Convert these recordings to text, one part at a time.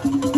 Thank you.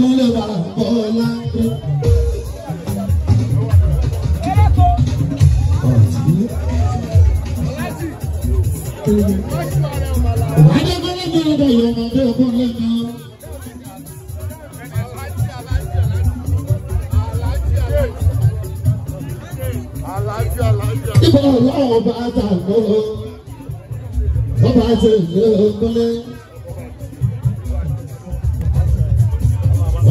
múlẹ̀ wà bọ́lá. Adébọ́lá mi ọlọ́wọ́ bá dàgbọ́, ọba ti ìlú ọgbọ́n lẹ́nu.